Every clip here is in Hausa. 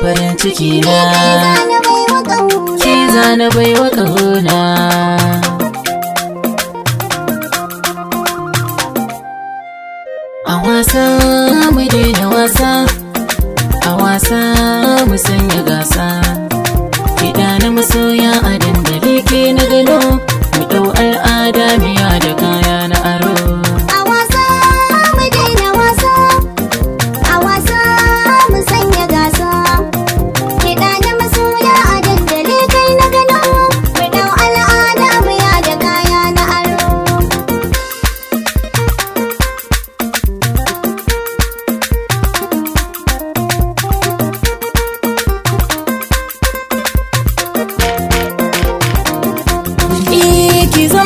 farin ciki na ki zana baiwa kahona a wasa mu daina wasa a wasa mu sanya gasa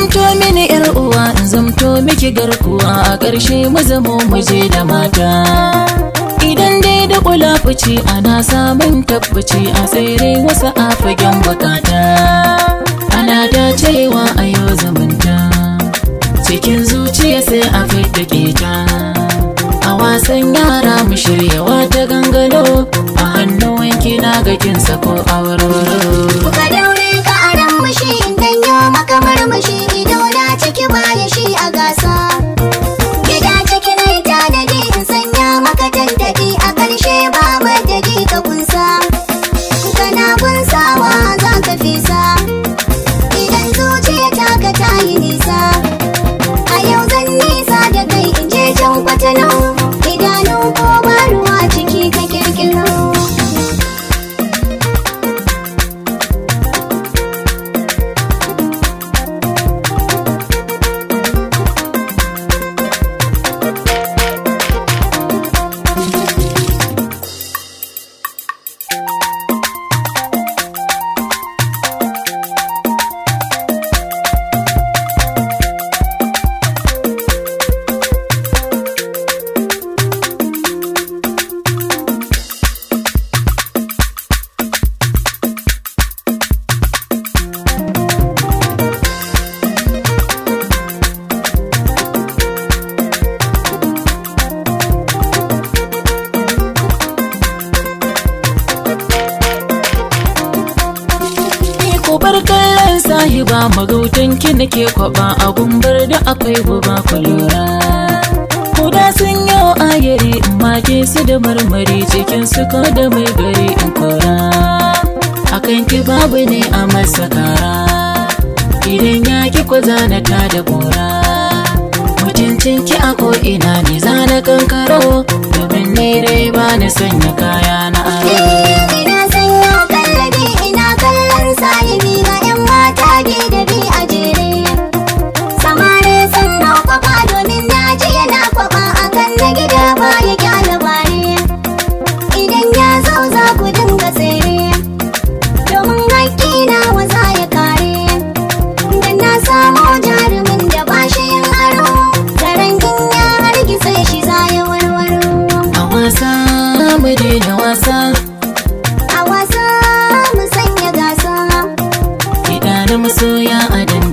zamto mini yar uwa zamto miki garkuwa a ƙarshe mu zamo muje da mata idan dai da kula ana samun tabbaci a tsere wasu a fagen bukata ana dacewa a yau zamanta cikin zuciya sai a fita ta a wasan yara mu shi. idanu idanu ko Kamar kallon sahiba magautan ki nake kwaba a gumbar da akwai guba kwalora. Kuda sun yi ayari in ke su da marmari cikin suka da mai gari in kora. Akan ki babu ne a masakara Idan ya ki kwa na da bora. Mutuncin ki a ko'ina ne zana kankaro domin ni rai ba na sanya kaya. mu daina wasa a wasa mu sanya gasa idanun masoya a dandu